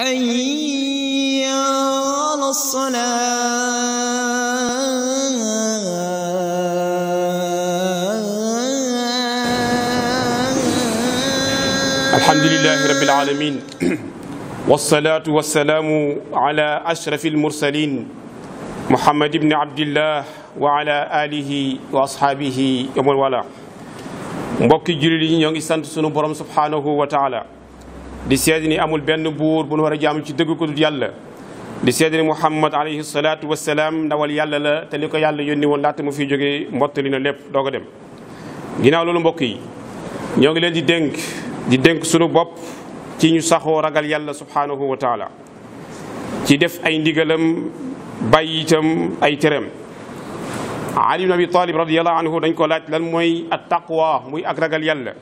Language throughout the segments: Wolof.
حي على الصلاه alhamdulilahi rabil alamin walsalatu walsalaamu ala ashraf almursalin muhammad ibni abdillah wa ala alihi wa ashaabihi wa man wala mbokki jullit yi ñoo ngi sant sunu borom subhanahu wa taala di seede ni amul benn buur bu nu war a jaamu ci dëgg ko dut yàlla di seede ni muhammad alayhi salaatu wasalaam ndawal yàlla la te li ko yàlla yónni woon laata mu fi jógee mbottali na lépp doo ko dem ginnaaw loolu mbokk yi ñoo ngi leen di dénk di dénk sunu bopp ci ñu saxoo ragal yàlla subhaanahu wa taala ci def ay ndigalam bàyyi ay tereem ali ibn abi talib radiallahu anhu dañ ko laaj lan mooy at taqwa muy ak ragal yàlla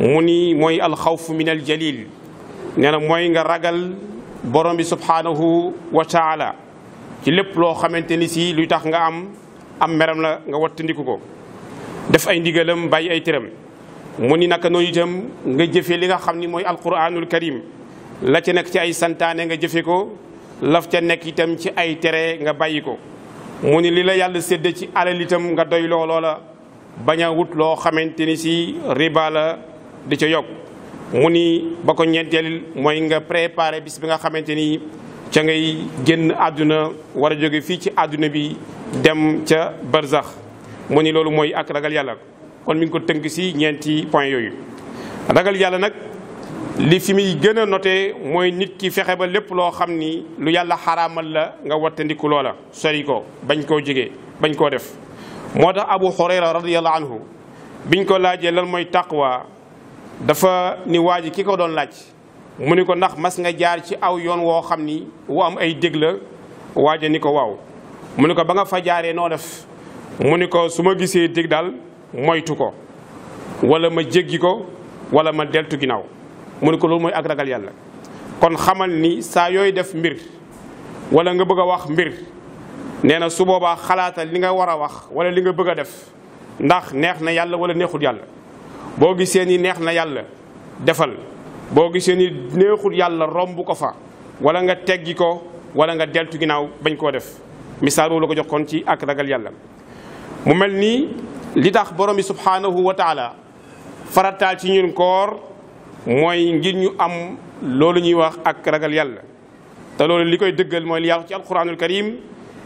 mu ni mooy alxawfu min al jalil nee na mooy nga ragal borom bi subhaanahu wa taala ci lépp loo xamante ni si luy tax nga am am meram la nga wattandiku ko def ay ndigalam bàyyi ay tëram mu ni naka noonu itam nga jëfee li nga xam ni mooy alquranul karim la ca nekk ci ay santaane nga jëfe ko laf ca nekk itam ci ay tere nga bàyyi ko mu ni li la yàlla sédd ci alal itam nga doy loo loola bañ wut loo xamante ni si riba di ca yokk mu ni ba ko ñeenteel mooy nga préparé bis bi nga xamante ni ca ngay génn àdduna war a jóge fii ci àdduna bi dem ca barzax mu ni loolu mooy ak ragal yàlla kon mi ngi ko tënk si ñeenti point yooyu ragal yàlla nag li fi muy gën a mooy nit ki fexe ba lépp loo xam ni lu yàlla xaraamal la nga wattandiku loola sori ko bañ koo jege bañ koo def moo tax abu xurayra radiallahu anhu biñ ko laajee lan mooy taqwa dafa ni waaj ji ki ko doon laaj mu ni ko ndax mas nga jaar ci aw yoon woo xam ni wu am ay dég la waaja ni ko waaw mu ni ko ba nga fa jaaree noo def mu ni ko su ma gisee dég daal moytu ko wala ma jéggi ko wala ma deltu ginnaaw mu ni ko loolu mooy ak ragal yàlla kon xamal ni saa yooy def mbir wala nga bëgg a wax mbir nee na su boobaa xalaatal li nga war a wax wala li nga bëgg a def ndax neex na yàlla wala neexul yàlla boo gisee ni neex na yàlla defal boo gisee ni neexul yàlla romb ko fa wala nga teggi ko wala nga deltu ginnaaw bañ koo def misaal boobu la ko jox kon ci ak ragal yàlla mu mel nii li tax borom bi subhaanahu wa taala farataal ci ñun koor mooy ngir ñu am loolu ñuy wax ak ragal yàlla te loolu li koy dëggal mooy li yàlla ci alquranul karim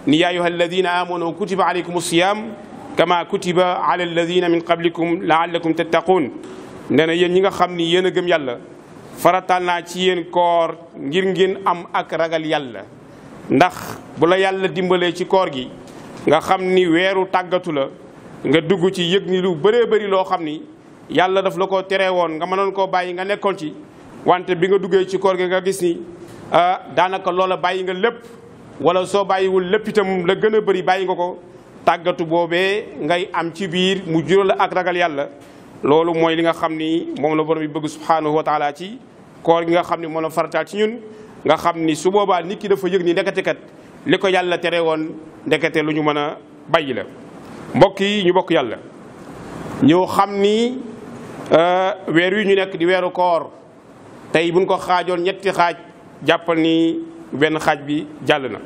ni yaa ayyuha alladina amanu kutiba alaykum siyam kama kutiba ala alladina min qablikum laallakum tattaquun nee na yéen ñi nga xam ni yéen a gëm yàlla farataal naa ci yéen koor ngir ngeen am ak ragal yàlla ndax bu la yàlla dimbalee ci koor gi nga xam ni weeru tàggatu la nga dugg ci yëg ni lu bëree bari loo xam ni yàlla daf la ko tere woon nga mënoon koo bàyyi nga nekkoon ci wante bi nga duggee ci koor gi nga gis ni ah, daanaka loola bàyyi nga lépp wala soo bàyyiwul lépp itam la gën a bëri bàyyi nga ko tàggatu boobee ngay am ci biir mu jural la ak ragal yàlla loolu mooy li nga xam ni moom la borom bi bëgg subhaanahu wa taala ci koor gi nga xam ni moom la farataal ci ñun nga xam ni su boobaa nit ki dafa yëg ni ndekete kat li ko yàlla tere woon ndekete lu ñu mën a bàyyi la mbokk yi ñu bokk yàlla ñoo xam ni euh, weer wi ñu nekk di weeru koor tey bu buñ ko xaajoon ñetti xaaj jàppal ni benn xaaj bi jàll na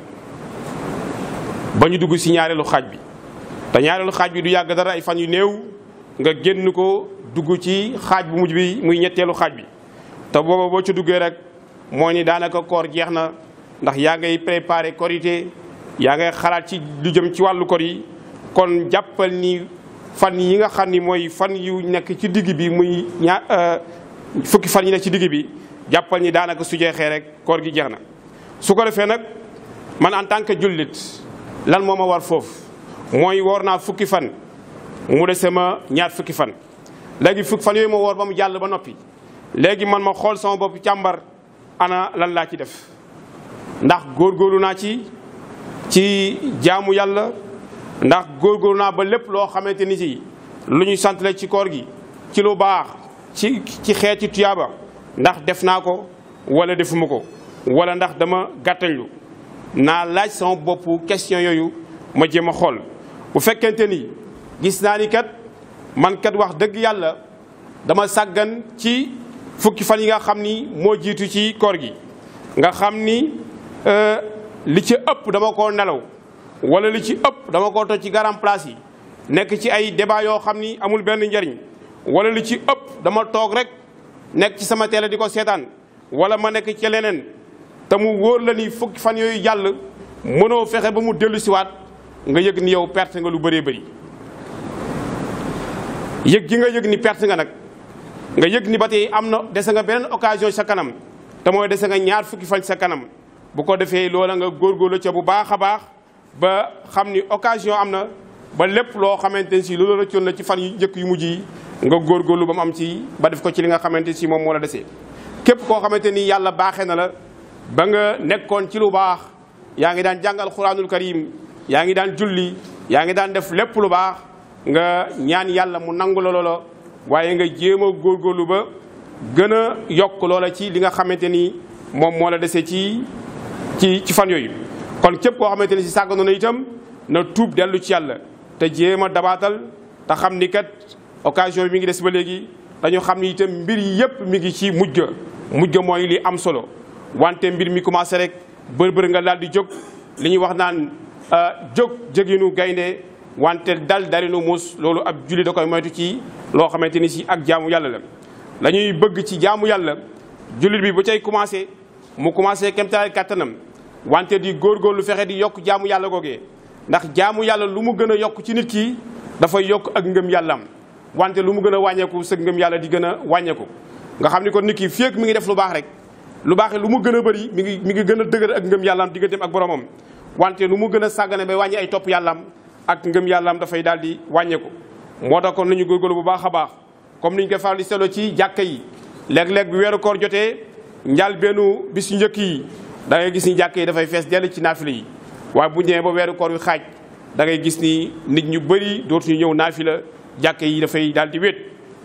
ba ñu dugg si ñaareelu xaaj bi te ñaareelu xaaj bi du yàgg dara ay fan yu néew nga génn ko dugg ci xaaj bu mujj bi muy ñetteelu xaaj bi te booba boo ci duggee rek mooy ni daanaka koor jeex na ndax yaa ngay préparé korité yaa ngay xalaat ci lu jëm ci wàllu kor yi kon jàppal ni fan yi nga xam ni mooy fan yu nekk ci digg bi muy ñaar euh, fukki fan yi nekk ci digg bi jàppal ni daanaka su jeexee rek koor gi jeex na su ko defee nag man an tant que jullit lan moo ma war foofu mooy woor naa fukki fan mu desee ma ñaar fukki fan léegi fukki fan yooyu ma woor ba mu jàll ba noppi léegi man ma xool sama bopp càmbar ana lan laa ci def ndax góor góoru naa ci ci jaamu yàlla ndax góor góorgóorlu naa ba lépp loo xamante ni ci lu ñu santale ci koor gi ci lu baax ci ci xeeti tuyaaba ndax def naa ko wala defuma ko wala ndax dama gàttañlu naa laaj sama bopp question yooyu ma jéem a xool bu fekkente ni gis naa ni kat man kat wax dëgg yàlla dama sàggan ci fukki fan yi nga xam ni moo jiitu ci koor gi nga xam ni euh, li ci ëpp dama ko nelaw wala li ci ëpp dama koo toj ci garam yi nekk ci ay débat yoo xam ni amul benn njariñ wala li ci ëpp dama toog rek nekk ci sama télé di ko seetaan wala ma nekk ci leneen te mu wóor la ni fukki fan yooyu jàll mënoo fexe ba mu dellu siwaat nga yëg ni yow perte nga lu bëree bëri yëg gi nga yëg ni perte nga nag nga yëg ni ba tey am na dese nga beneen occasion sa kanam te mooy dese nga ñaar fukki fan sa kanam bu ko defee loola nga góorgóorlu ca bu baax a baax ba xam ni occasion am na ba lépp loo xamante ne si loolu rëccoon la ci fan yu njëkk yu mujj yi nga góorgóorlu ba mu am ci ba def ko ci li nga xamante si moom moo la desee képp koo xamante ni yàlla baaxee na la ba nga nekkoon ci lu baax yaa ngi daan jàngal alxuraanul karim yaa ngi daan julli yaa ngi daan def lépp lu baax nga ñaan yàlla mu nangu la loola waaye nga jéem a góorlu ba gën a yokk loola ci li nga xamante ni moom moo la dese ci ci ci fan yooyu. kon képp koo xamante ni si sàgganoon na itam na tuub dellu ci yàlla te jéem a dabaatal te xam ni kat occasion bi mi ngi des ba léegi dañu xam ni itam mbir yi yëpp mi ngi ci mujj mujj mooy li am solo wante mbir mi commencé rek bër bër nga daal di jóg li ñuy wax naan. Euh, jóg jéginu gaynde wante dal darinu muus loolu ab julli da koy moytu ci loo xamante ni si ak jaamu yàlla la la ñuy bëgg ci jaamu yàlla jullit bi bu cay commencé mu commencé kemtaay kàttanam wante di góor góor lu fexe di yokk jaamu yàlla googee ndax jaamu yàlla lu mu gën a yokk ci nit ki dafay yokk ak ngëm yàllam wante lu mu gën a wàññeeku sa ngëm yàlla di gën a wàññeeku nga xam ni kon nit ki fii ak mi ngi def lu baax rek lu baax lu mu gën a bëri mi ngi mi ngi gën a dëgër ak ngëm yàllam digganteem ak boromam wante nu mu gën a sàggane ba wàññi ay topp yàllaam ak ngëm yàllaam dafay daal di wàññeeku. moo tax kon nañu góorgóorlu bu baax a baax comme niñ koy faral di seetloo ci jàkka yi léeg-léeg bi weeru jotee njaal bennu njëkk yi da ngay gis ni jàkka yi dafay fees dell ci naafila yi waaye bu ñëwee ba weeru koor wi xaaj da gis ni nit ñu bëri dootuñu ñëw naafila jàkka yi dafay daal di wét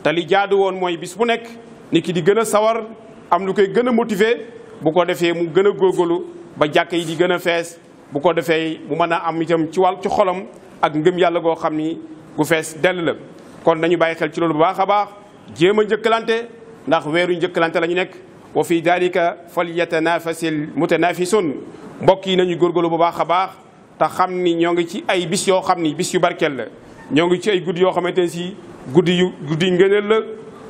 te li jaadu woon mooy bis bu nekk nit ki di gën a sawar am lu koy gën a motiver bu ko defee mu gën a góorgóorlu ba jàkka yi di gën a fees bu ko defee mu mën a am itam ci wàll ci xolam ak ngëm yàlla goo xam ni gu fees dell la kon nañu bàyyi xel ci loolu bu baax a baax jéem a njëkkalante ndax weeru njëkkalante la ñu nekk wa fi dalika fal yatanafasil mutanafisun mbokk yi nañu góorgóorlu bu baax a baax te xam ni ñoo ngi ci ay bis yoo xam ni bis yu barkeel la ñoo ngi ci ay guddi yoo xamante ne si guddi yu guddi ngëneel la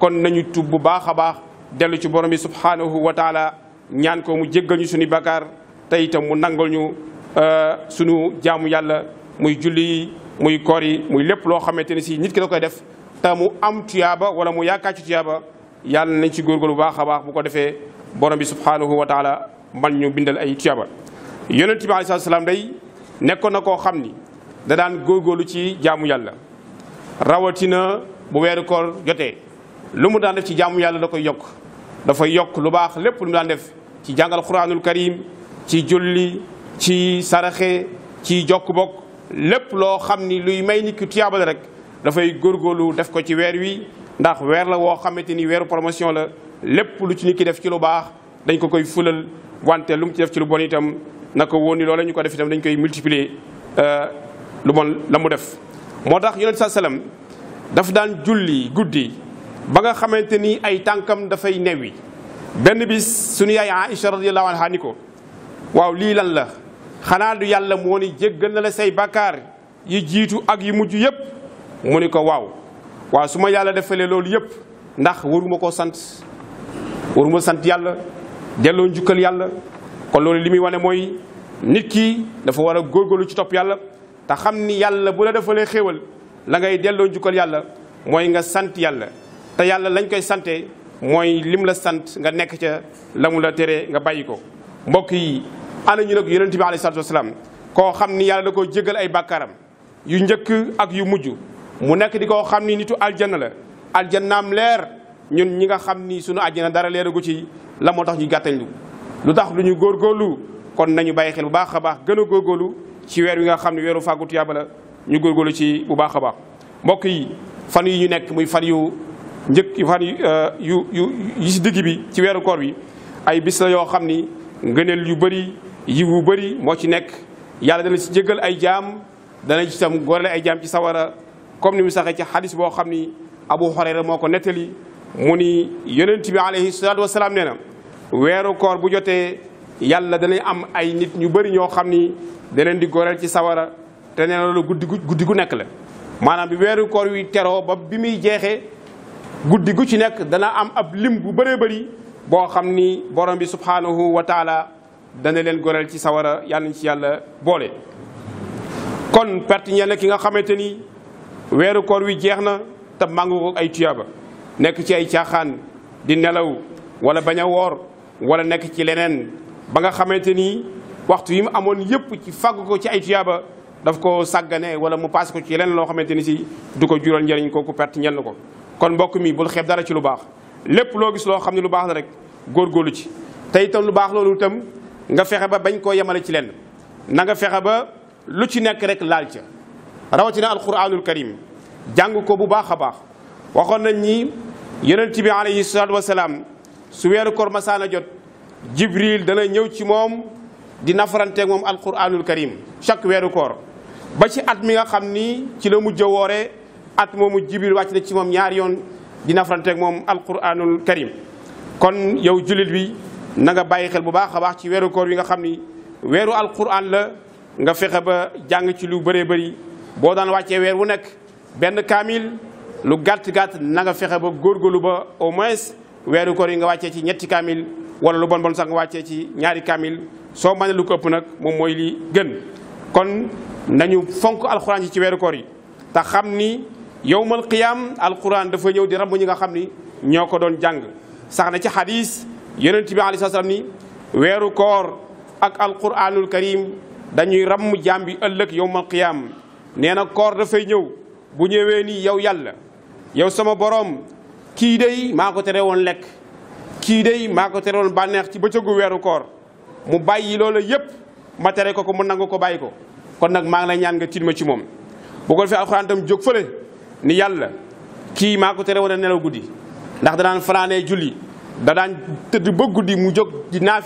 kon nañu tub bu baax a baax dellu ci borom bi subhanahu wa taala ñaan ko mu jéggal ñu suñu bakkaar te itam mu nangal ñu Euh, sunu jaamu yàlla muy julli yi muy koor yi muy lépp loo xamante ni si nit ki da koy def te mu am tuyaaba wala mu yaakaar ci tuyaaba yàlla nañ ci góorgóorlu lu baax a baax bu ko defee borom bi subhanahu wa taala man ñu bindal ay tuyaaba. yonent bi alayhi salaam day nekkoon na koo xam ni da daan góorgóorlu ci jaamu yàlla rawatina bu weeru koor jotee lu mu daan def ci jaamu yàlla da koy yokk dafay yokk lu baax lépp lu mu daan def ci jàngal quraanul karim ci ci saraxe ci jokk-bokk lépp loo xam ni luy may nit ki rek dafay góor góorgóorlu def ko ci weer wi ndax weer la woo xamante ni weeru promotion la lépp lu ci nit ki def ci lu baax dañ ko koy fulal wante lu mu ci def ci lu bon itam na ko woon ni loola ñu ko def itam dañ koy multiplier euh, lu bon la mu def. moo tax yonent saa salaam daf daan julli guddi ba nga xamante ni ay tànkam dafay newwi benn bis sunu yaay Aïcha radiyallahu anha ni ko waaw lii xanaa du yàlla moo ni jéggal na la say bakkaar yi jiitu ak yi mujj yépp mu ni ko waaw waaw su ma yàlla defalee loolu yépp ndax waruma koo sant waruma sant yàlla delloo njukkal yàlla kon loolu li muy wane mooy nit ki dafa war a góorgóorlu ci topp yàlla te xam ni yàlla bu la defalee xéewal la ngay delloo njukkal yàlla mooy nga sant yàlla te yàlla lañ koy sante mooy lim la sant nga nekk ca la mu la tere nga bàyyi ko mbokk yi ana ñu nag yonent bi alayhi salaatu wasalaam koo xam ni yàlla da koo jégal ay bàkkaaram yu njëkk ak yu mujj mu nekk di koo xam ni nitu aljanna la aljannaam leer ñun ñi nga xam ni sunu àjjana dara leeragu ci la moo tax ñu gàttañ lu lu tax lu ñu góor góorgóorlu kon nañu bàyyi xel bu baax a baax gën a góorgóorlu ci weer wi nga xam ne weeru fàggu tuyaaba la ñu góor góorgóorlu ci bu baax a baax mbokk yi fan yi ñu nekk muy fan yu njëkk fan yu euh, yu yu yi si digg bi ci weeru koor bi ay bis yoo xam ni ngëneel yu bëri yiw bari bëri moo ci nekk yàlla dana ci jéggal ay jaam dana ci tam gorale ay jaam ci sawara comme ni mu saxee ci xadis boo xam ni Abu Hurayra moo ko nettali mu ni yonent bi alayhi salaatu wasalaam nee na weeru koor bu jotee yàlla danay am ay nit ñu bëri ñoo xam ni daneen di goreel ci sawara te nee na loolu guddi gu guddi gu nekk la maanaam bi weeru koor wi teroo ba bi muy jeexee guddi gu ci nekk dana am ab lim bu bëree bari boo xam ni borom bi subhanahu wa dana leen goreel ci sawara yàlla nañ ci yàlla boole kon perte ñeel ki nga xamante ni weeru koor wi jeex na te màngu ko ay tuyaaba nekk ci ay caaxaan di nelaw wala bañ a woor wala nekk ci leneen ba nga xamante ni waxtu yi mu amoon yépp ci fàgg ko ci ay tuyaaba daf ko sàggane wala mu paase ko ci leneen loo xamante ni si du ko jural njëriñ ko ku la ko kon mbokk mi bul xeeb dara ci lu baax lépp loo gis loo xam ne lu baax la rek góorgóorlu ci nga fexe ba bañ koo yemale ci lenn na nga fexe ba lu ci nekk rek laal ca rawatina alquranul karim jàng ko bu baax a baax waxoon nañ ni yonent bi alayhi salaatu wasalaam su weeru koor masaana jot jibril dana ñëw ci moom di nafaranteeg moom alquranul karim chaque weeru koor ba ci at mi nga xam ni ci la mujj woore at moomu jibril wàcc na ci moom ñaari yoon di nafaranteeg moom alquranul karim kon yow jullit bi na nga bàyyi xel bu baax a baax ci weeru koor yi nga xam ni weeru alquran la nga fexe ba jàng ci lu bëree bëri boo daan wàccee weer wu nekk benn kaamil lu gàtt gàtt na nga fexe ba góor góorgóorlu ba au moins weeru koor yi nga wàccee ci ñetti kaamil wala lu bon bon sax nga wàccee ci ñaari kaamil soo mënee lu ko ëpp nag moom mooy li gën. kon nañu fonk alquran yi ci weeru koor yi te xam ni yowmal qiyaam alquran dafa ñëw di ràmm ñi nga xam ni ñoo ko doon jàng sax ci xadis. yonent bi alayhi salaam ni weeru koor ak alquranul karim dañuy ramm jaam bi ëllëg yowmal qiyaam nee na koor dafay ñëw bu ñëwee ni yow yàlla yow sama boroom kii day maa ko tere woon lekk kii day maa ko bànneex ci bëccëgu weeru koor mu bàyyi loola yépp ma tere ko ko mu nangu ko bàyyi ko kon nag maa ngi lay ñaan nga tiit ci moom bu ko defee alxuraan tam jóg fële ni yàlla kii maa ko tere woon a nelaw guddi ndax danaan fanaanee julli da daan tëdd ba guddi mu jóg di la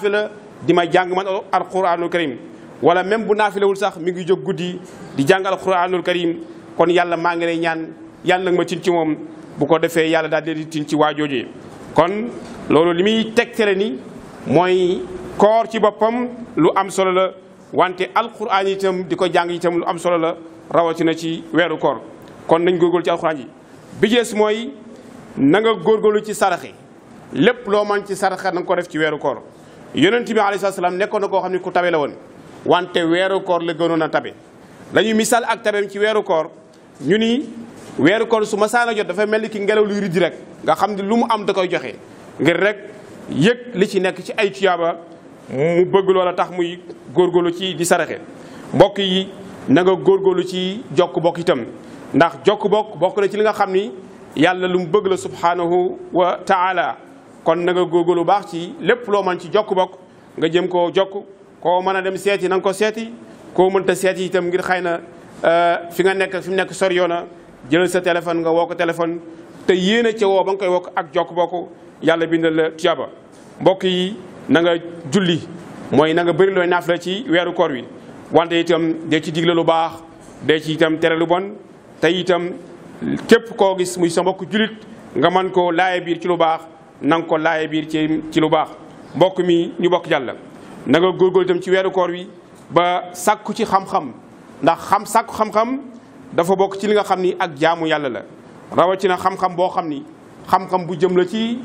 di ma jàng man alquranul karim wala même bu naafilawul sax mi ngi jóg guddi di jàng alquranul karim kon yàlla maa ngi lay ñaan yàlla nga ma cin ci moom bu ko defee yàlla daal di cin ci waajoojee kon loolu li muy tegtale ni mooy koor ci boppam lu am solo la wante alquran itam di ko jàng yitam lu am solo la rawatina ci weeru koor kon nañ góorgóorlu ci alquran yi bi jees mooy nanga nga góorgóorlu ci saraxe lépp loo man ci sarxa na nga ko def ci weeru koor yonent bi alayhi salaam nekkoon na koo xam ne ku tabe la woon wante weeru koor la gënoon a tabe lañuy misaal ak tabeem ci weeru koor ñu ni weeru koor su masaana jot dafa mel ni ki ngelaw luy rijji rek nga xam ne lu mu am da koy joxe ngir rek yëg li ci nekk ci ay tuyaaba mu bëgg loola tax muy góor góorgóorlu ci di saraxe mbokk yi na góor lu ci jokk bokk itam ndax jokk bokk bokk na ci li nga xam ni lu mu bëgg la subhanahu wa kon na nga lu baax ci lépp loo man ci jokk bokk nga jëm koo jokk ko mën a dem seeti na nga ko seeti koo mënta seeti itam ngir xëy na euh, fi nga nekk fi mu nekk sori yoona jëlal sa téléphone nga woo ko téléphone te yéene ca woo ba nga koy wokk ak jokk bokk yàlla bindal la tuyaaba mbokk yi na nga julli mooy na nga bëri looy naaf la ci weeru koor wi wante itam dee ci digle lu baax dee ci itam tere lu bon te itam képp koo gis muy sa mbokk jullit nga mën koo laaye biir ci lu baax na nga ko laaye biir ci ci lu baax mbokk mi ñu bokk jàll na nga góorgóor itam ci weeru koor wi ba sàkku ci xam-xam ndax xam sàkku xam-xam dafa bokk ci li nga xam ni ak jaamu yàlla la rawatina xam-xam boo xam ni xam bu jëm la ci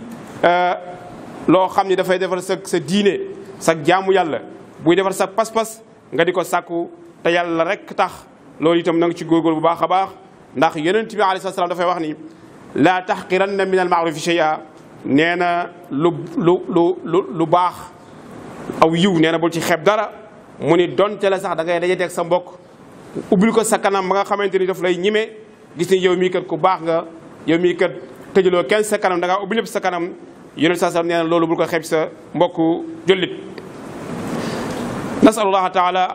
euh, loo xam ni dafay defar sa sa diine sa jaamu yàlla buy defar sa pas-pas nga di ko sàkku te yàlla rek tax loolu itam na nga ci góorgóor bu baax a baax ndax yeneen yonent bi sa salaam dafay wax ni laa taxqiranna min al maarufi shay'a nee na lu lu lu lu baax aw yiw nee na bul ci xeeb dara mu ni donte la sax da ngay daje teg sa mbokk ubbil ko sa kanam ba nga xamante ni daf lay ñime gis ni yow mii kat ku baax nga yow mii kat tëjaloo kenn sa kanam da ngaa ubbi lépp sa kanam yonent saa sallam nee na loolu bul ko xeeb sa mbokku jullit nasalullaha taala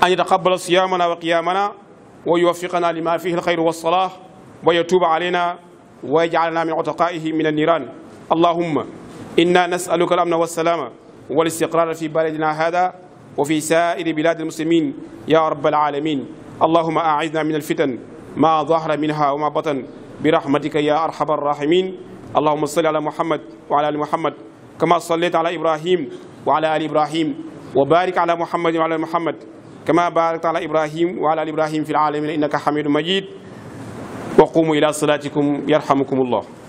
an yataqabala siyaamana wa qiyaamana wa yuwaffiqana lima fihi alxayru wassalah wa yatuuba alayna wa yaj'alna min utaqaihi min anniran allahumma inna nasaluka al amna walsalama wal istiqrara fi baladina hada wa fi sairi bilad almuslimin ya rabb alalamin allahumma aidna min alfitan ma dahara minha wa ma batan برحمتك يا أرحم الراحمين اللهم صل على محمد وعلى آل محمد كما صليت على إبراهيم وعلى آل إبراهيم وبارك على محمد وعلى آل محمد كما باركت على إبراهيم وعلى آل إبراهيم في العالمين إنك حميد مجيد وقوموا إلى صلاتكم يرحمكم الله